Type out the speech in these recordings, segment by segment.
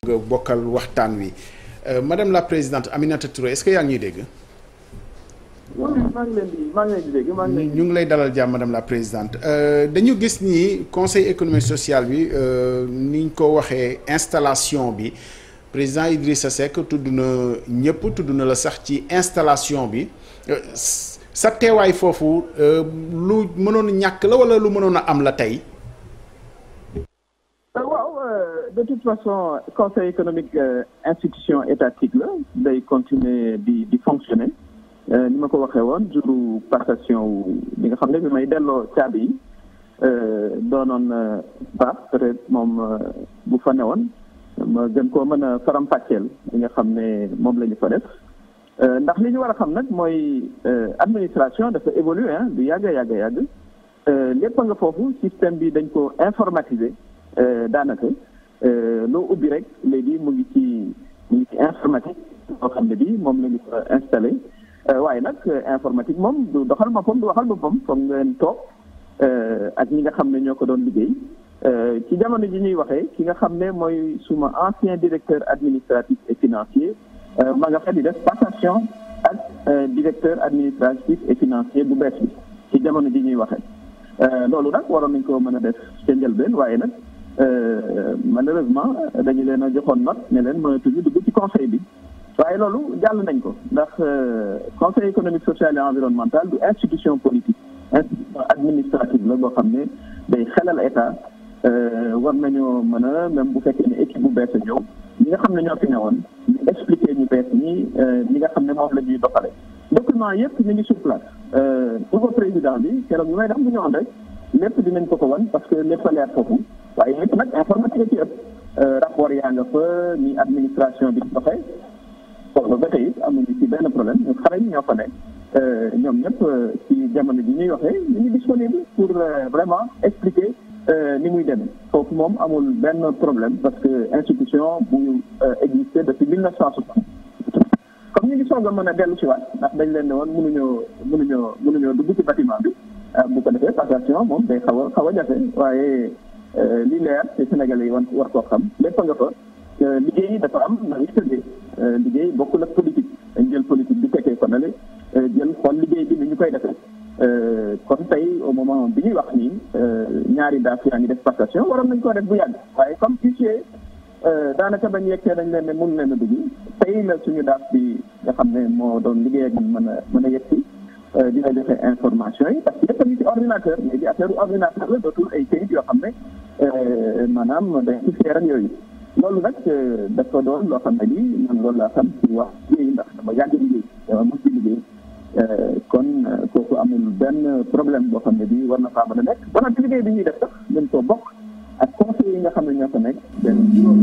nga waxtaan wi euh, madame la présidente Aminata Touré est-ce que yaa ngi dégg. waaw ñu ngi lay dalal jàmm madame la présidente euh, dañu gis ni conseil économique sociale bi euh, ni ñu ko waxee installation bi président Idrissa Seck tudd na ñëpp tudd na la sax ci installation bi. sa teewaay foofu lu mënoon ñàkk la wala lu mënoon a am la tey. Euh, de toute façon conseil économique euh, institution étatique la day continuer di di fonctionner euh, ni ma ko waxee woon juru passation wu bi nga xam ne bi may delloo caabi yi doonoon ba peut-être moom bu fa woon ma gën koo mën a faram-fàcceel li nga xam ne moom la ñu fa def ndax li ñu war a xam nag mooy administration dafa évoluer hein du yàgg a yàgg a yàgg lépp nga foofu système bi dañ ko informatiser Euh, daanaka euh, loo ubbi rek léegi mu ngi ci mu ngi ci informatique boo xam ne bii moom la ñu ko installé euh, waaye nag informatique moom du doxal boppam du waxal boppam foog ngeen toog ak ñi nga xam ne ñoo ko doon liggéey ci jamono ji ñuy waxee ki nga xam ne mooy suma ancien directeur administratif et financier ma nga fa di def passation ak directeur administratif et financier bu bees bi ci jamono ji ñuy waxee loolu nag waroon nañ ko mën a def ca njëlbeen waaye nag Euh, malheureusement dañu leen a joxoon note ne leen mënatuñu dugg ci conseil bi waaye loolu jàll nañ ko ndax euh, conseil économique social et environnemental du institution politique institution administrative la boo xam ne day xelal état euh, war nañoo mën a même bu fekkee ni équipe bu bees a ñëw ñi nga xam ne ñoo fi newoon ñu expliqué ñu bees ñi ñi nga xam ne moom la ñuy doxale document yëpp ñu ngi sur place nouveau président bi keroog ñu may dam bu ñëwoon ko ko wan parce que lépp a waaye lépp nag informatique ci ëpp euh, rapport yaa nga fa ni administration bi doxee foofu ba tey amuñu ci benn problème ñu xarañ ñoo fa nekk euh, ñoom ñëpp euh, ci jamono ji ñuy waxee ñu ngi disponible pour vraiment expliquer ni muy dem foofu moom amul benn problème parce que institution bu existé depuis mille neuf cent soixante comme ñu ngi soo a mën a dellu si waat ndax dañ leen ne woon mënuñoo mënuñoo mënuñoo dugg ci bâtiment bi bu ko defee passation moom day xaw a xaw a jafe waaye Euh, li leer te Sénégalais yi war war koo xam lépp nga ko euh, liggéey yi dafa am na euh, liggéey bokkul ak politique dañ jël politique bi tekkee ko nale jël xool liggéey bi ni ñu koy defee kon tey au moment bi ñuy wax nii ñaari daaf yaa ngi def passation waroon nañ koo def bu yàgg waaye comme fichier daanaka bañ yekkee dañ leen ne mun leen a dugg tey la suñu daaf bi nga xam ne moo doon liggéey ak mën a mën a yegg si Euh, dina joxe information yi parce que yëpp a ngi ci ordinateur mais di affaire ordinateur la dootul ay kayit yoo xam ne euh, maanaam day ci feeral yooyu loolu nag euh, ko doon loo xam ne lii man loolu laa xam ci wax liggéey ndax dama yàgg liggéey dama mos ci liggéey kon kooku amul benn problème boo xam ne bii war na faa mën a nekk wala liggéey bi ñuy def sax dañ koo bokk ak conseil yi nga xam ne ñoo ko nekk benn juróom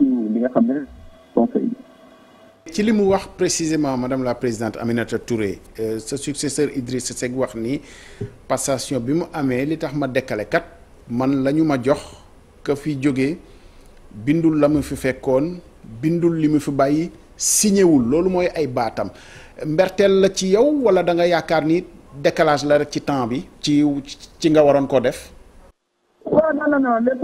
di li nga xam ne conseil ci li mu wax précisément madame la présidente Aminata Touré euh, sa successeur Idriss Seck wax ni passation bi mu amee li tax ma dekkale kat man la ñu ma jox ka fi jóge bindul la mu fi fekkoon bindul li mu fi bàyyi signewul loolu mooy ay baatam mberteel la ci yow wala da nga yaakaar ni décalage la rek ci temps bi ci ci nga waroon koo def. waaw naa non non lépp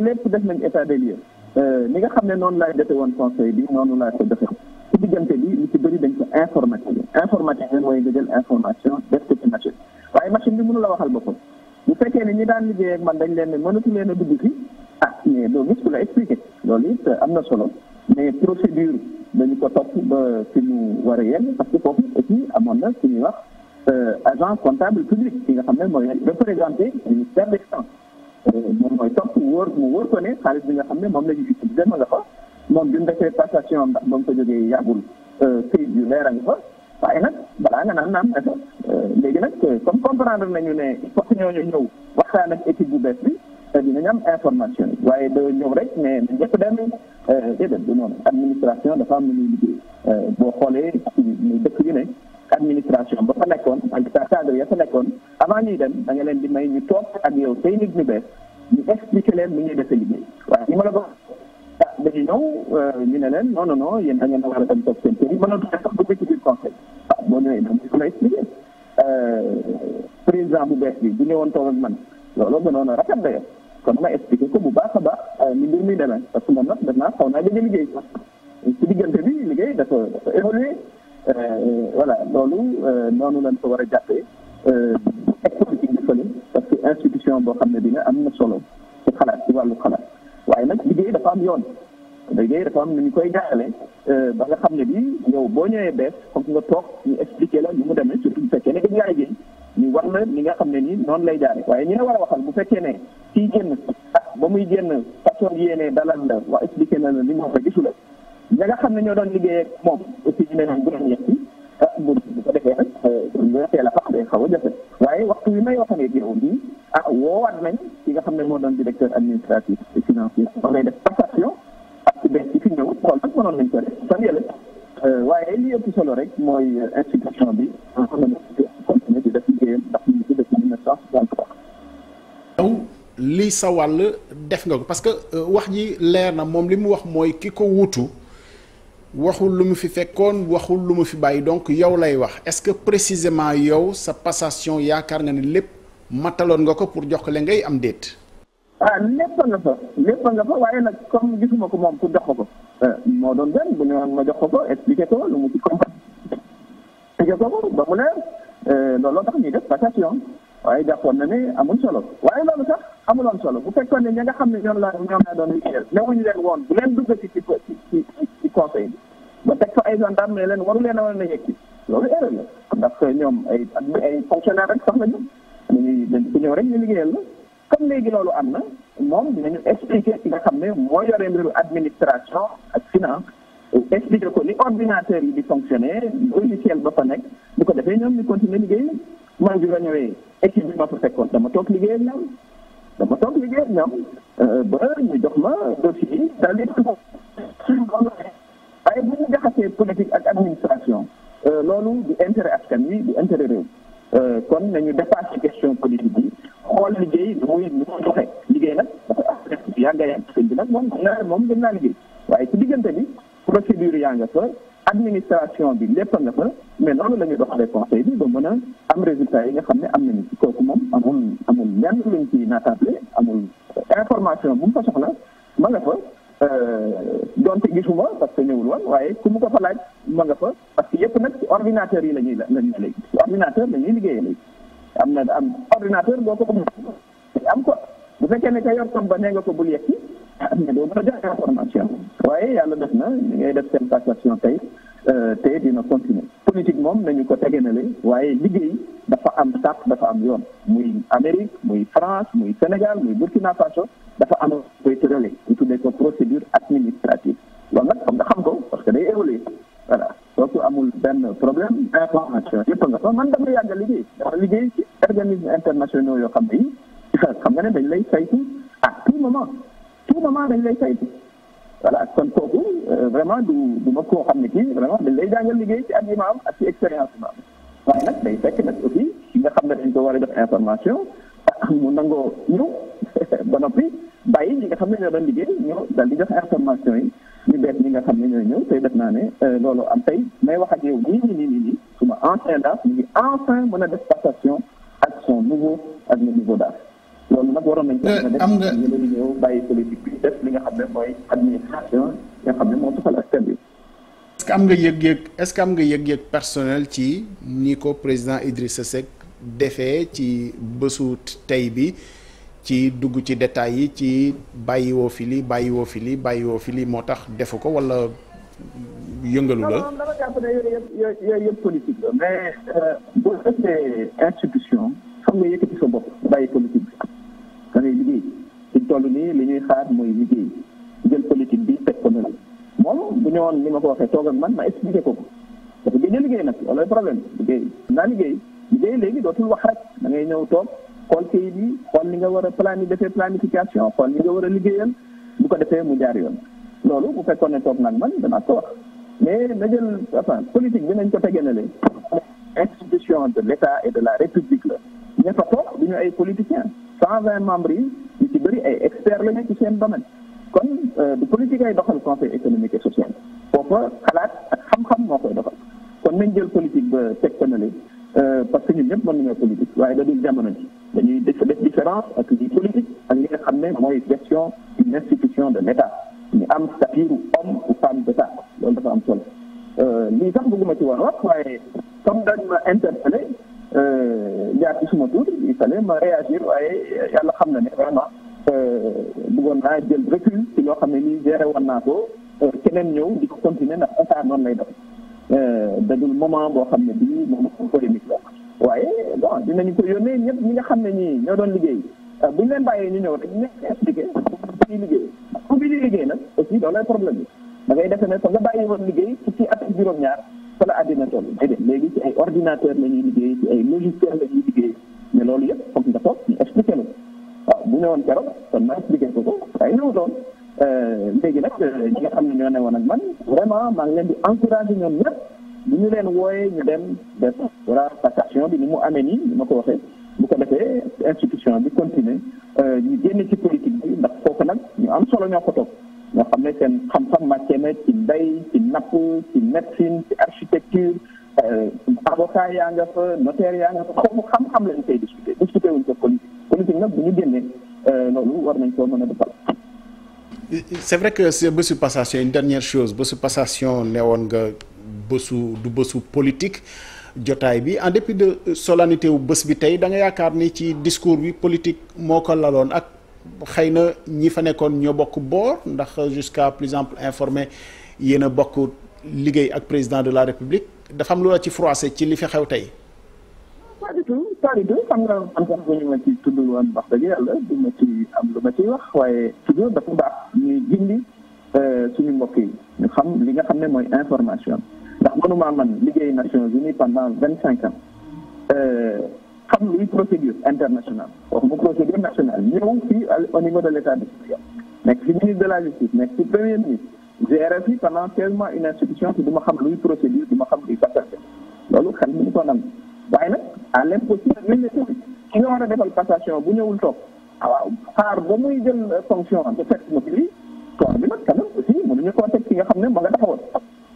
lépp def nañ état des lieux. Euh, ni nga xam ne noonu laay defee woon conseil bi noonu laa ko defee diggante bi lu ci bëri dañ ko informatiser informatiser mooy nga jël information def ko ci machine waaye machine bi mënu la waxal boppam bu fekkee ne ñi daan liggéey ak man dañ leen ne mënatu leen a dugg ci ah mais doo gis ku la expliqué loolu it am na solo mais procédure dañu ko topp ba fi mu war a yem parce que foofu aussi amoon na su ñuy wax euh, agent comptable public ki nga xam ne mooy représenté ministère des finances euh, moom mooy topp wóor mu wóor ko ne xaalis bi nga xam ne moom la ñu utilisé ma nga fa moom bi mu defee passation am ndax ba mu fa jógee yàggul këyit yu leer a nga fa waaye nag balaa nga naan naam ne fa léegi nag comme comprendre nañu ne fokk ñooñu ñëw waxtaan ak équipe bu bees bi dinañ am information yi waaye da ñëw rek mais na ñëpp dem déedéet du noonu administration dafa am na ñuy liggéey boo xoolee muy dëkk yu ne administration ba fa nekkoon ak sa cadre ya fa nekkoon avant ñuy dem da nga leen di may ñu toog ak yow say nit ñu bees ñu expliqué leen ni ñuy defee liggéey waaye ni ma la ko dañuy euh, ñëw ñu ne leen non non non yéen da ngeen a war a dem toog seen kër yi na sax dugg ci biir conseil ah boo ñëwee da président bu bees bi bu ñëwoon toog man loolu mënoon a rafet dayoo kon ma expliqué ko bu baax a baax euh, ni mbir mi demee parce que moom nag maintenant xaw naa gëj a liggéey ci diggante bi liggéey dafa dafa évolué euh, voilà loolu noonu lañ ko war a jàppee teg politique bi boo xam ne bi nga am solo ci xalaat ci wàllu waaye nag liggéey dafa am yoon liggéey dafa am na ñu koy jaarale euh, ba nga xam ne bi yow boo ñëwee bees comme nga toog ñu expliqué la ñu mu demee surtout bu fekkee ne gëj ngaa liggéey ñu war na li nga xam ne nii noonu lay jaare waaye ñu ne war a waxal bu fekkee e kii génn ah, ba muy génn façon yéenee dalal la wax expliqué na la li moo ko gisu la ña nga xam ne ñoo doon liggéey ak moom aussi ñu ne noonu bu doon yegg si bu ah, bu ko defee nag euh, teel a fax day xaw a jafe waaye waxtu wi may waxanee ak yow nii ah woowaat nañ ki nga xam ne moo doon directeur administratif et financier wax lay def passation ku bees euh, waaye li rek mooy euh, institution bi li sa wàll def nga ko parce que euh, wax ji leer na moom li mu wax mooy ki ko wutu waxul lu mu fi fekkoon waxul lu mu fi bàyyi donc yow lay wax est-ce que précisément yow sa passation yaakaar nga ne lépp mataloon nga ko pour jox ko la ngay am déet ah lépp nga fa lépp nga fa waaye nag comme gisuma ko moom ku jox ko ko eh, moo doon gën bu ñu ma jox ko ko expliqué ko lu mu ci comprendre expliqué ko ko ba mu ne eh, looloo tax ñuy def passation waaye jàppoon na ni amul solo waaye loolu sax amuloon solo bu fekkoon ne ñi nga xam ne ñoom laa ñoom laa doon liggéeyal newuñu leen woon bu leen dugg ci ci ci ci conseil bi ba teg fa ay gendarme ne leen waru leen a war a yegg loolu erreur la ñoom ay ay fonctionnaire rek sax la ñu dañuy dañ ko ñëw rek ñu liggéeyal la comme léegi loolu am na moom dinañu expliquer ki nga xam ne moo yore mbiru administration ak finance expliquer ko ni ordinateur yi di fonctionner logiciel ba fa nekk bu ko defee ñoom ñu continuer liggéey man bi ma ñëwee équipe bi ma fa fekkoon dama toog liggéey ñoom dama toog liggéey ñoom euh, ba ñu jox ma dossier yi dal di ko suñu ko waaye bu ñu jaxasee politique ak administration euh, loolu du intérêt askan wi du intérêt réew Euh, kon nañu dépassé question politique yi xool liggéey du muy du muy doxee liggéey nag dafay am def yaa nga yam sëñ bi nag moom naa moom gën naa liggéey waaye ci diggante bi procédure yaa nga fa administration bi lépp nga fa mais noonu la ñu doxalee conseil bi ba mën a am résultat yi nga xam ne am nañu ci kooku moom amul amul lenn luñ ci naatable amul information bu mu fa soxla ma nga fa euh, donte gisuma parce que ñëwul woon waaye ku mu ko fa laaj man nga ko parce que yëpp nag ordinateur yi la ñuy la la ñuy léegi ci ordinateur la ñuy liggéeyee léegi am na am ordinateur boo ko am ko bu fekkee ne ka yor tom ba nee nga ko bu bul am mais doo mën a joxe information waaye yàlla def na li ngay def seen passation tey euh, te dina continuer politique moom nañu ko tegee tegenale waaye liggéey dafa am sàq dafa am yoon muy Amérique muy France muy Sénégal muy Burkina Faso dafa am koy tërale ñu tuddee ko procédure administrative benn problème information yëpp nga man dama yàgg liggéey dama liggéey ci yoo xam ne xam nga ne dañ lay say tu à tout mama tout moment dañ lay saytu voilà kon kooku euh, vraiment du du ma koo xam ne kii vraiment dañ lay jàngal liggéey ci at yi ma ak ci expérience ma am waaye nag day fekk nag ki nga xam ne dañ ko war a jox information mu nangoo ñëw ba noppi bàyyi ñi nga xam ne ñoo doon liggéey ñëw dal di jox information yi ñu bees ñi nga xam ne ñooy ñëw tey def naa ne euh, loolu am tey may wax ak yow nii nii nii nii nii suma mën a def passation ak son nouveau ak le nouveau DAF loolu nag waroon nañ euh, am nga loolu ñëw bàyyi politique bi li nga xam ne mooy administration nga xam ne moo soxal askan bi est am nga yëg-yëg est-ce am nga yëg-yëg personnel ci ni ko président Idrissa Seck defee ci bésu tey bi ci dugg ci détails yi ci bàyyiwoo fi li bàyyiwoo fi li bàyyiwoo fi li moo tax defu ko wala yëngalu la. non dama jàpp ne yooyu yooyu yëpp politique euh, xam nga yëkkati sa bopp bàyyi politique bi da ngay liggéey ci toll nii li ñuy xaar mooy liggéey jël politique bi teg ko ne la moom bu ñëwoon ni ma ko waxee toog ak man ma expliqué ko ko dafa gëj a liggéey nag loolooy problème liggéey naa liggéey liggéey léegi dootul wax rek da ngay ñëw toog. xool kayit yi xool ni nga war a plani defee planification xool ni nga war a liggéeyal bu ko defee mu jaar yoon loolu bu fekkoon ne toog nag man danaa ko wax mais na jël enfin politique bi nañ ko tege na leen institution de l'État et de la République la ña fa toog du ñu ay politiciens cent vingt membres yi ñu ci bëri ay experts la ñu ci seen domaine kon euh, du politique ay doxal conseil économique et social foofa xalaat ak xam-xam moo koy doxal kon nañ jël politique ba teg ko na leen euh, parce que ñun ñëpp mën nañoo politique waaye da dul jamono ji dañuy def def différence ak li politique xam ne mooy gestion d'une institution de l'État ñu am statut homme ou femme d'État loolu dafa am solo euh, lii sax bëgguma ci war wax waaye comme dañ ma interpellé euh, jaar ci suma tuur il fallait ma réagir waaye yàlla xam na ne vraiment euh, bëggoon naa jël recul ci loo xam ne nii géré woon naa ko keneen ñëw di ko continuer ndax état noonu lay def dadul moment boo xam ne bii moom dinañu ko yónnee ñëpp ñi nga xam ne ñi ñoo doon liggéey euh, bu ñu leen bàyyee ñu ñëw rek ñu expliqué ñuy liggéey ku bi di liggéey nag aussi loolu lay problème bi da ngay defe ne ko nga bàyyi woon liggéey ci at ak ñaar fa la àddina toll déedéet léegi ci ay ordinateur la ñuy liggéey ci ay logiciel la ñuy liggéey mais loolu yëpp foog nga toog ñu expliqué lu waaw bu ñëwoon keroog kon ma expliqué ko ko waaye ñëwutoon euh, léegi nag euh, ñi nga xam ne ñoo ne woon ak man vraiment maa ngi leen di encouragé ñoom ñëpp bu ñu leen wooyee ñu dem def wala passation bi ni mu amee nii ni ma ko waxee bu ko defee institution bi continuer euh, ñu génn ci politique bi ndax foofu nag ñu am solo ñoo ko toog ñoo xam ne seen xam-xam màccee na ci mbay ci napp ci médecine ci architecture euh, avocat yaa nga fa notaire yaa nga fa xaw xam-xam lañ koy discuter discuter wuñ ko politique politique nag bu ñu génnee euh, loolu war nañ koo mën a defal. c'est vrai que c'est bésu passation une dernière chose bésu passation newoon nga. bësu du bësu politique jotaay bi en dépit de solennité wu bës bi tey da nga yaakaar ni ci discours bi politique moo ko laloon ak xëy na ñi fa nekkoon ñoo bokk boor ndax jusqu'à plus ample yéen a bokk liggéey ak président de la république dafa am lu la ci froissé ci li fi xew tey. pas du tout pas du tout xam am lu ma ciy wax waaye toujours euh, suñu mbokk yi ñu li nga xam ne mooy information. ndax mënumaa man liggéey Nations Unies pendant vingt cinq ans euh, xam luy procédure internationale o procédure nationale ñëw fii au niveau de l' état du Sénégal nekk si de la justice nekk si premier ministre GRFI pendant seize mois une institution que du ma xam luy procédure du ma xam luy passation loolu xel mënu ko nangu waaye nag à l'impossible luñ ne tamit ki nga war a defal passation bu ñëwul toog ah waaw xaar ba muy jël euh, fonction de fekk ma nga xam ne ma nga taxawoon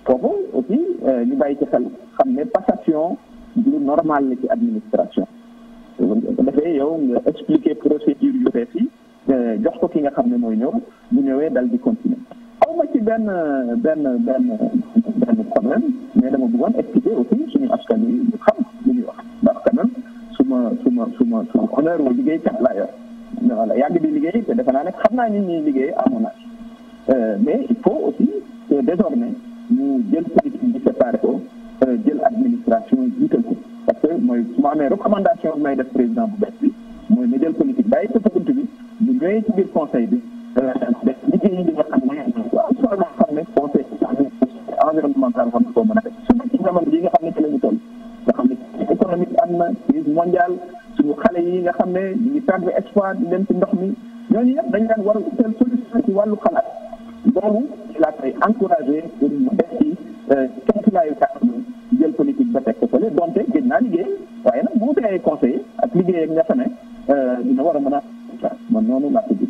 kooku aussi euh, ñu bàyyi ci xel xam ne passation lu normal la ci administration dafay yow nga expliquer procédure yu bees yi euh, jox ko ki nga xam ne mooy ñëw bu ñëwee dal di continuer aw ma ci benn benn benn benn problème mais buggoon bëggoon expliquer aussi suñu askan yi ñu xam lu ñuy wax ndax quand même su ma su ma su ma su ma honneur wu liggéeykat laa yor voilà yàgg di liggéey te defe naa nekk xam naa ni ñuy liggéey amoon na euh, mais il faut aussi que désormais mais recommandation bi may def président bu bees bi mooy na jël politique bàyyi ko ci bunt bi ñu ñëwee ci biir conseil bi euh, def liggéey yi nga xam ne am solo loo a yi nga xam ne ci la toll nga xam ne crise am na crise mondiale suñu xale yi nga xam ne ñu ngi perdre espoir di leen ci ndox mi ñooñu yëpp dañ daan war a utal solution ci wàllu xalaat loolu ci laa koy encouragé pour mu def ci euh, kéemtulaayu kàddu jël politique ba teg ko naa liggéey waaye nag bu wutee ay ak liggéey ak ña fa ne euh, dina war a mën a ah, man noonu laa